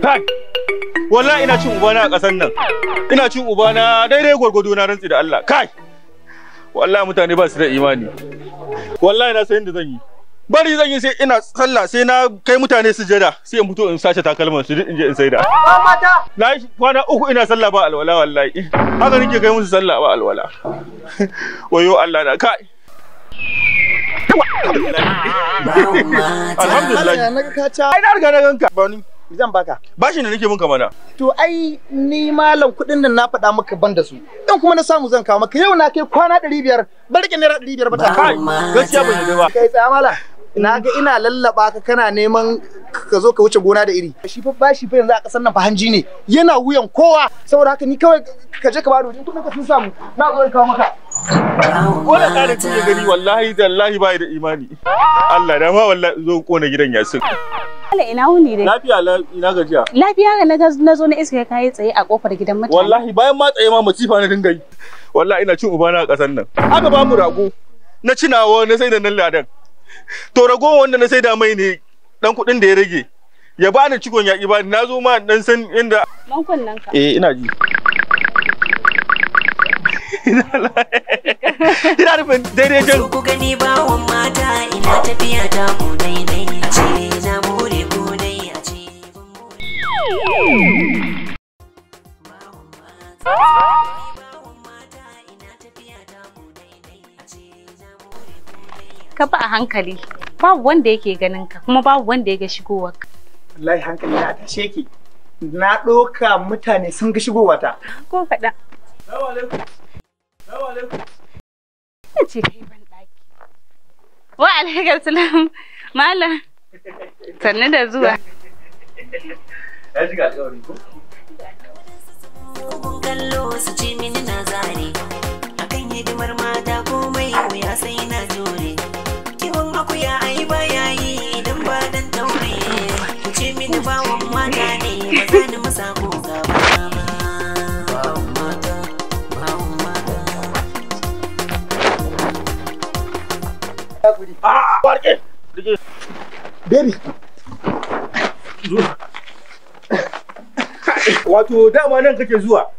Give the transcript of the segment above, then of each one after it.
Kai! Wallahi ina cin ubana a ƙasar nan. Ina cin ubana daidai gwargwado na rantsi da Allah. Kai! Wallahi mutane ba su da imani. Wallahi na san yadda zan yi. Bari zan yi sai ina sallah sai na kai mutane sujada sai in fito in sace takalman su duk in je in saida. Na yi kwana uku ina sallah ba alwala wallahi. Haka nake kai musu sallah ba alwala. Wayo Allah na kai. Alhamdulillah. Ai na riga na ganka. Bani. zan baka Bashi ne nake bin kamana to ai ni malam kuɗin nan na faɗa maka ban da su dan kuma na samu zan kawo maka yau na kai kwana 500 bar rike naira 500 ba ta kai gaskiya ba ne ba kai tsaya malam na ga ina lallaba ka kana neman ka zo ka wuce gona da iri shi fa bashi fa yanzu a kasar nan fa hanji ne yana wuyan kowa saboda haka ni kawai ka je ka ba dojin kudin ka sun samu na zo kawo maka ko da kada kike gani wallahi tallahi bai da imani Allah da ma wallahi zo kona gidan yasin Allah ina wuni dai. Lafiya ina gajiya. Lafiya ga na zo na iska kai tsaye a kofar gidan mutane. Wallahi bayan ma tsaye ma masifa na dinga yi. Wallahi ina cin ubana a kasan nan. Aka ba mu rago. Na cinawa na sai da nan ladan. To rago wanda na sai da mai ne dan kudin da ya rage. Ya bani cikon ya ba na zo ma dan san inda. Mankon nan ka. Eh ina ji. Ina rufin daidai jan. Ku gani bawon mata ina tafiya ta ku daidai. Ka ba a hankali, babu wanda yake ganin ka kuma babu wanda ya ga shigowar ka. Wallahi hankali na ta sheke. Na ɗoka mutane sun ga shigowa ta. Ko kaɗan. Salamu alaikum. Salamu alaikum. Ina ce kai ban ɗaki. Wa alaikar salam. Malam. Sannu da zuwa. Ya shiga alƙawari ko? bugun kallo su ce mini na zare akan hidimar mata komai wuya sai na jure kiwon akuya ai ba yayi idan ba dan taure ku ce mini bawan mata ne ba za ni masa ko gaba ah! Baby. wato dama nan kake zuwa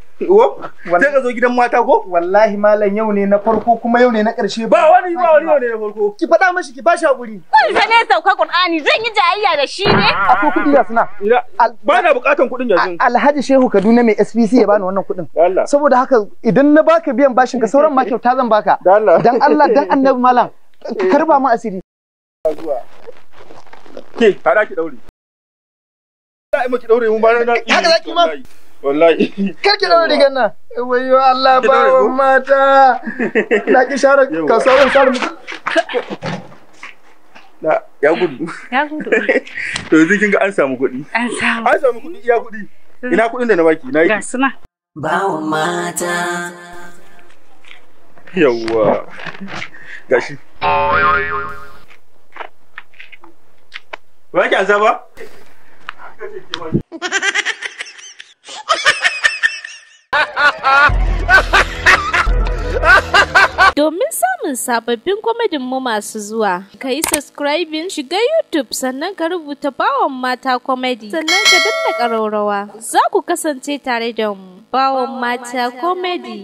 sai ka zo gidan mata ko wallahi malam yau ne na farko kuma yau ne na karshe ba wani ba wani ne na farko ki faɗa mashi ki bashi hakuri kun sa ne sauka qur'ani zan yi jayayya da shi ne akwai ko da suna ba na bukatan kudin yanzu alhaji shehu kaduna mai spc ya bani wannan kudin. saboda haka idan na baka biyan bashin ka sauran ma kyauta zan baka dan Allah dan annabi malam karba mu asiri ke fara ki daure za a maki daure mu bayan na haka zaki ma wallahi kar ki daure nan wayo Allah ba mata na ki share ka sauran sar ya gudu ya gudu to yanzu kin ga an samu kuɗi an samu an samu kuɗi iya kuɗi ina kuɗin da na baki na yi ga suna bawo mata yawwa gashi ba ki azaba Domin samun sababbin kwamadin mu masu zuwa, ka yi subscribing shiga YouTube sannan ka rubuta bawon mata komedi sannan ka danna ƙaraurawa. Za ku kasance tare da mu, bawon mata komedi.